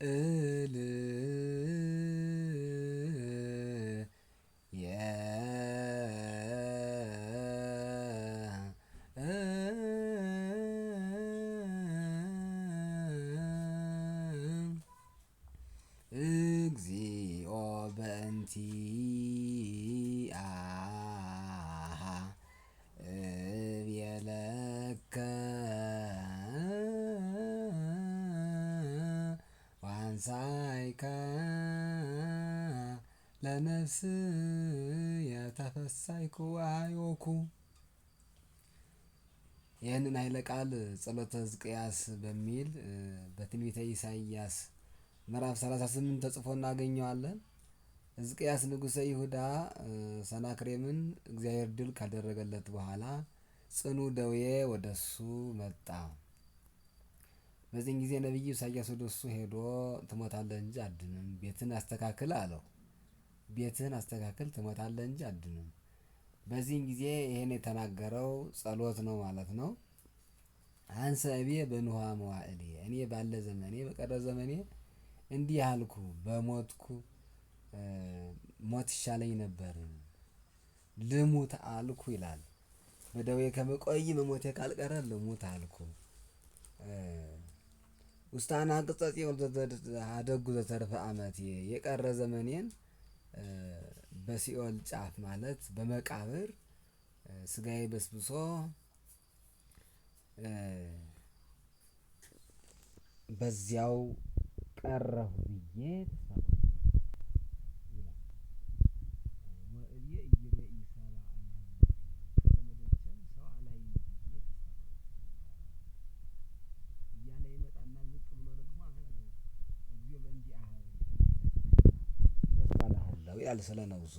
ölü ya Ugzi obanti ትንሣኤከ ለነፍስየ ተፈሳይኩ ወአዮኩ። ይህንን ኃይለ ቃል ጸሎተ ሕዝቅያስ በሚል በትንቢተ ኢሳይያስ ምዕራፍ 38 ተጽፎ እናገኘዋለን። ሕዝቅያስ ንጉሠ ይሁዳ ሰናክሬምን እግዚአብሔር ድል ካደረገለት በኋላ ጽኑ ደዌ ወደሱ መጣ። በዚህን ጊዜ ነቢዩ ኢሳያስ ወደ እሱ ሄዶ ትሞታለህ እንጂ አድንም፣ ቤትን አስተካክል አለው። ቤትን አስተካክል ትሞታለህ እንጂ አድንም። በዚህን ጊዜ ይሄን የተናገረው ጸሎት ነው ማለት ነው። አንሰ እቤ በንኋ መዋዕሌ፣ እኔ ባለ ዘመኔ በቀረ ዘመኔ እንዲህ አልኩ፣ በሞትኩ ሞት ይሻለኝ ነበር፣ ልሙት አልኩ ይላል። በደዌ ከመቆይ መሞቴ ካልቀረ ልሙት አልኩ። ውስታና ቅጸ አደጉ ዘተርፈ አመት የቀረ ዘመኔን በሲኦል ጫፍ ማለት በመቃብር ስጋዬ በስብሶ በዚያው ቀረሁ ብዬ ያል ስለ ያልስለ ነብሱ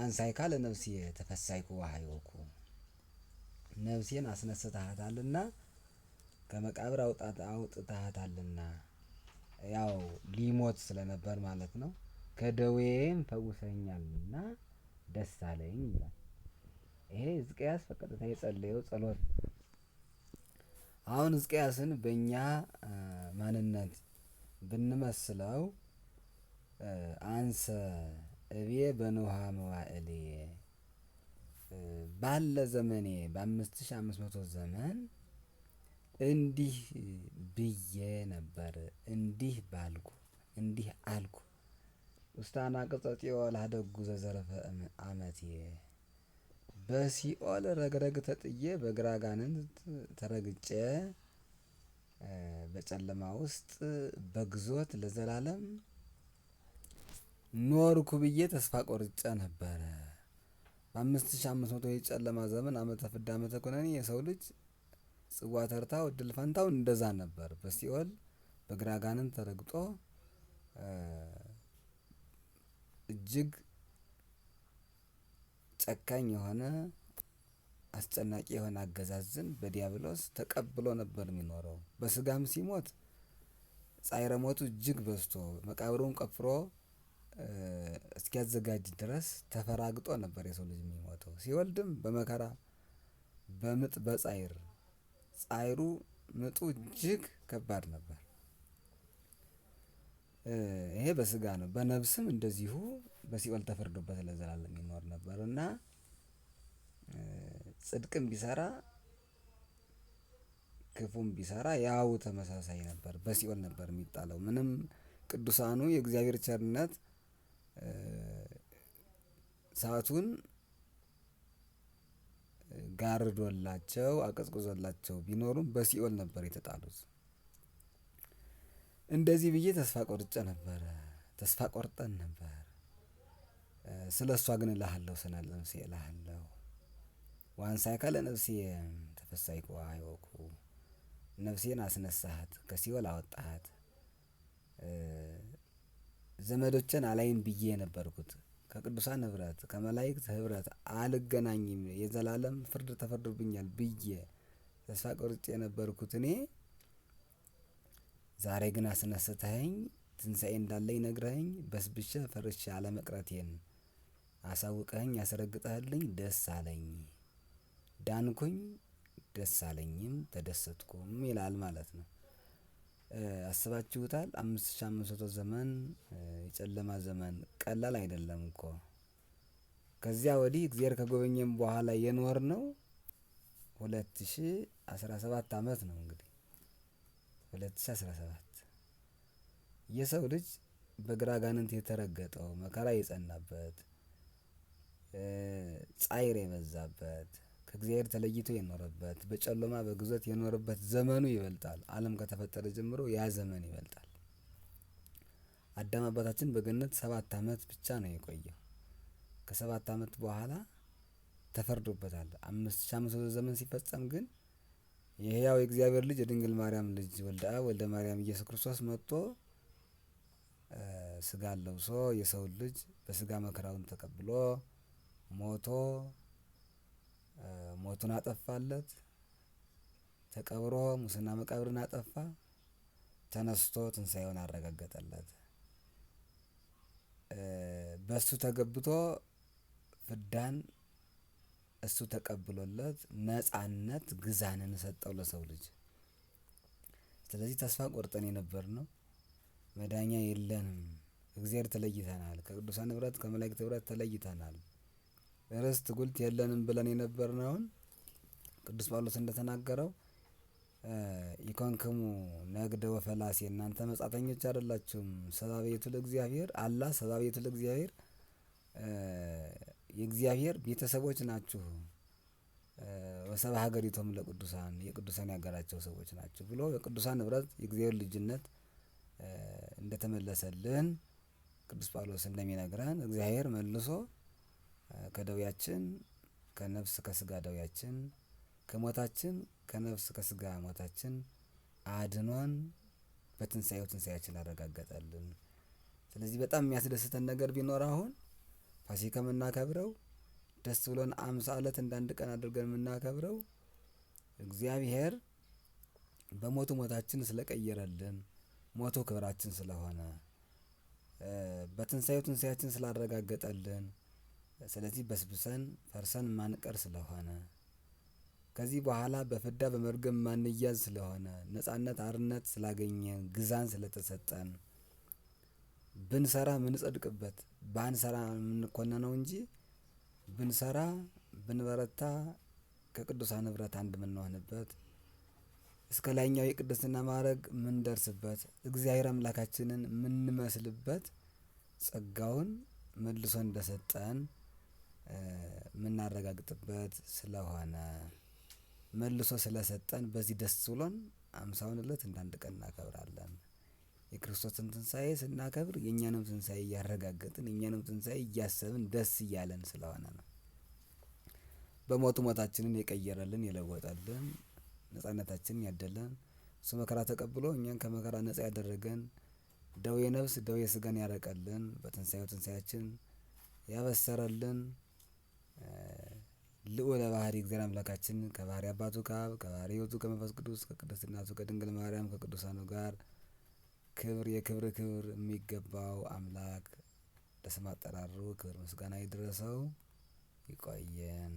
አንሳይካ ለነብስዬ ተፈሳይኩ ዋሃይወኩ ነብሴን አስነስተሃታልና ከመቃብር አውጣት አውጥታሃታልና ያው ሊሞት ስለነበር ማለት ነው። ከደዌም ፈውሰኛልና ደስ አለኝ ይላል። ይሄ ሕዝቅያስ በቀጥታ የጸለየው ጸሎት አሁን ሕዝቅያስን በእኛ ማንነት ብንመስለው አንሰ እቤ በንውሃ መዋእሌ ባለ ዘመኔ በአምስት ሺ አምስት መቶ ዘመን እንዲህ ብዬ ነበር፣ እንዲህ ባልኩ፣ እንዲህ አልኩ። ውስታና ቅጸጽኦል ሀደጉ ዘዘረፈ አመቴ በሲኦል ረግረግ ተጥዬ በግራጋንን ተረግጬ በጨለማ ውስጥ በግዞት ለዘላለም ኖርኩ ብዬ ተስፋ ቆርጬ ነበረ። በአምስት ሺ አምስት መቶ የጨለማ ዘመን ዓመተ ፍዳ አመተ ኩነኔ የሰው ልጅ ጽዋ ተርታው እድል ፈንታው እንደዛ ነበር። በሲኦል በግራጋንን ተረግጦ እጅግ ጨካኝ የሆነ አስጨናቂ የሆነ አገዛዝን በዲያብሎስ ተቀብሎ ነበር የሚኖረው። በስጋም ሲሞት ጻይረ ሞቱ እጅግ በዝቶ መቃብሩን ቆፍሮ እስኪያዘጋጅ ድረስ ተፈራግጦ ነበር የሰው ልጅ የሚሞተው። ሲወልድም በመከራ በምጥ በጻይር ጻይሩ ምጡ እጅግ ከባድ ነበር። ይሄ በስጋ ነው። በነብስም እንደዚሁ በሲኦል ተፈርዶበት ለዘላለም ይኖር ነበር እና ጽድቅም ቢሰራ ክፉም ቢሰራ ያው ተመሳሳይ ነበር፣ በሲኦል ነበር የሚጣለው። ምንም ቅዱሳኑ የእግዚአብሔር ቸርነት ሰአቱን ጋርዶላቸው አቀዝቅዞላቸው ቢኖሩም በሲኦል ነበር የተጣሉት። እንደዚህ ብዬ ተስፋ ቆርጨ ነበረ ተስፋ ቆርጠን ነበር። ስለ እሷ ግን እልሃለሁ ስለ ነፍሴ እልሃለሁ ዋንሳይ ካለ ነፍሴ ተፈሳይ ቁ አይወቁ ነፍሴን አስነሳሃት ከሲኦል አወጣሃት። ዘመዶችን አላይም ብዬ የነበርኩት ከቅዱሳን ህብረት ከመላእክት ህብረት አልገናኝም የዘላለም ፍርድ ተፈርዶብኛል ብዬ ተስፋ ቆርጬ የነበርኩት እኔ ዛሬ ግን አስነስተኸኝ ትንሣኤ እንዳለኝ ነግረኸኝ በስብሸ ፈርሼ አለመቅረቴን አሳውቀኸኝ ያስረግጠህልኝ ደስ አለኝ። ዳንኩኝ፣ ደስ አለኝም ተደሰትኩም ይላል ማለት ነው። አስባችሁታል? አምስት ሺ አምስት መቶ ዘመን የጨለማ ዘመን ቀላል አይደለም እኮ። ከዚያ ወዲህ እግዚአብሔር ከጎበኘም በኋላ የኖር ነው ሁለት ሺ አስራ ሰባት አመት ነው እንግዲህ ሁለት ሺ አስራ ሰባት የሰው ልጅ በግራ ጋንንት የተረገጠው መከራ የጸናበት ጻይር የበዛበት ከእግዚአብሔር ተለይቶ የኖረበት በጨለማ በግዞት የኖረበት ዘመኑ ይበልጣል። ዓለም ከተፈጠረ ጀምሮ ያ ዘመን ይበልጣል። አዳም አባታችን በገነት ሰባት ዓመት ብቻ ነው የቆየው። ከሰባት ዓመት በኋላ ተፈርዶበታል። አምስት ሺ አምስት መቶ ዘመን ሲፈጸም ግን የህያው የእግዚአብሔር ልጅ የድንግል ማርያም ልጅ ወልደ አብ ወልደ ማርያም ኢየሱስ ክርስቶስ መጥቶ ስጋ ለብሶ የሰው ልጅ በስጋ መከራውን ተቀብሎ ሞቶ ሞቱን አጠፋለት። ተቀብሮ ሙስና መቃብርን አጠፋ። ተነስቶ ትንሣኤውን አረጋገጠለት። በእሱ ተገብቶ ፍዳን እሱ ተቀብሎለት ነጻነት ግዛንን ሰጠው ለሰው ልጅ። ስለዚህ ተስፋ ቆርጠን የነበር ነው መዳኛ የለንም፣ እግዚአብሔር ተለይተናል፣ ከቅዱሳን ህብረት ከመላእክት ህብረት ተለይተናል። ርስት ጉልት የለንም ብለን የነበርነውን ቅዱስ ጳውሎስ እንደተናገረው ኢኮንክሙ ነግደ ወፈላሴ እናንተ መጻተኞች አይደላችሁም፣ ሰባቤቱ ለእግዚአብሔር አላ ሰባቤቱ ለእግዚአብሔር የእግዚአብሔር ቤተሰቦች ናችሁ፣ ወሰባ ሀገሪቶም ለቅዱሳን የቅዱሳን ያገራቸው ሰዎች ናቸው ብሎ በቅዱሳን ንብረት የእግዚአብሔር ልጅነት እንደተመለሰልን ቅዱስ ጳውሎስ እንደሚነግረን እግዚአብሔር መልሶ ከደውያችን ከነፍስ ከስጋ ደውያችን ከሞታችን ከነፍስ ከስጋ ሞታችን አድኗን በትንሣኤው ትንሣኤያችን አረጋገጠልን። ስለዚህ በጣም የሚያስደስተን ነገር ቢኖር አሁን ፋሲካ የምናከብረው ደስ ብሎን አምሳ ዕለት እንዳንድ ቀን አድርገን የምናከብረው እግዚአብሔር በሞቱ ሞታችን ስለቀየረልን ሞቱ ክብራችን ስለሆነ በትንሣኤው ትንሣኤያችን ስላረጋገጠልን ስለዚህ በስብሰን ፈርሰን ማንቀር ስለሆነ ከዚህ በኋላ በፍዳ በመርገም ማንያዝ ስለሆነ ነጻነት አርነት ስላገኘን ግዛን ስለተሰጠን ብንሰራ ምንጸድቅበት ባንሰራ ነው እንጂ ብንሰራ ብንበረታ ከቅዱሳን ንብረት አንድ የምንሆንበት እስከ ላይኛው የቅድስና ማድረግ ምንደርስበት እግዚአብሔር አምላካችንን ምንመስልበት ጸጋውን መልሶ እንደሰጠን የምናረጋግጥበት ስለሆነ መልሶ ስለሰጠን በዚህ ደስ ብሎን አምሳውን ዕለት እንደ አንድ ቀን እናከብራለን። የክርስቶስን ትንሣኤ ስናከብር የእኛንም ትንሣኤ እያረጋገጥን የእኛንም ትንሣኤ እያሰብን ደስ እያለን ስለሆነ ነው። በሞቱ ሞታችንን የቀየረልን የለወጠልን ነጻነታችንን ያደለን እሱ መከራ ተቀብሎ እኛን ከመከራ ነፃ ያደረገን ደዌ ነፍስ ደዌ ስጋን ያረቀልን በትንሣኤው ትንሣኤያችን ያበሰረልን ልዑለ ባህሪ እግዚአብሔር አምላካችን ከባህሪ አባቱ ከአብ ከባህሪ ሕይወቱ ከመንፈስ ቅዱስ ከቅድስት እናቱ ከድንግል ማርያም ከቅዱሳኑ ጋር ክብር የክብር ክብር የሚገባው አምላክ ለስም አጠራሩ ክብር ምስጋና ይድረሰው። ይቆየን።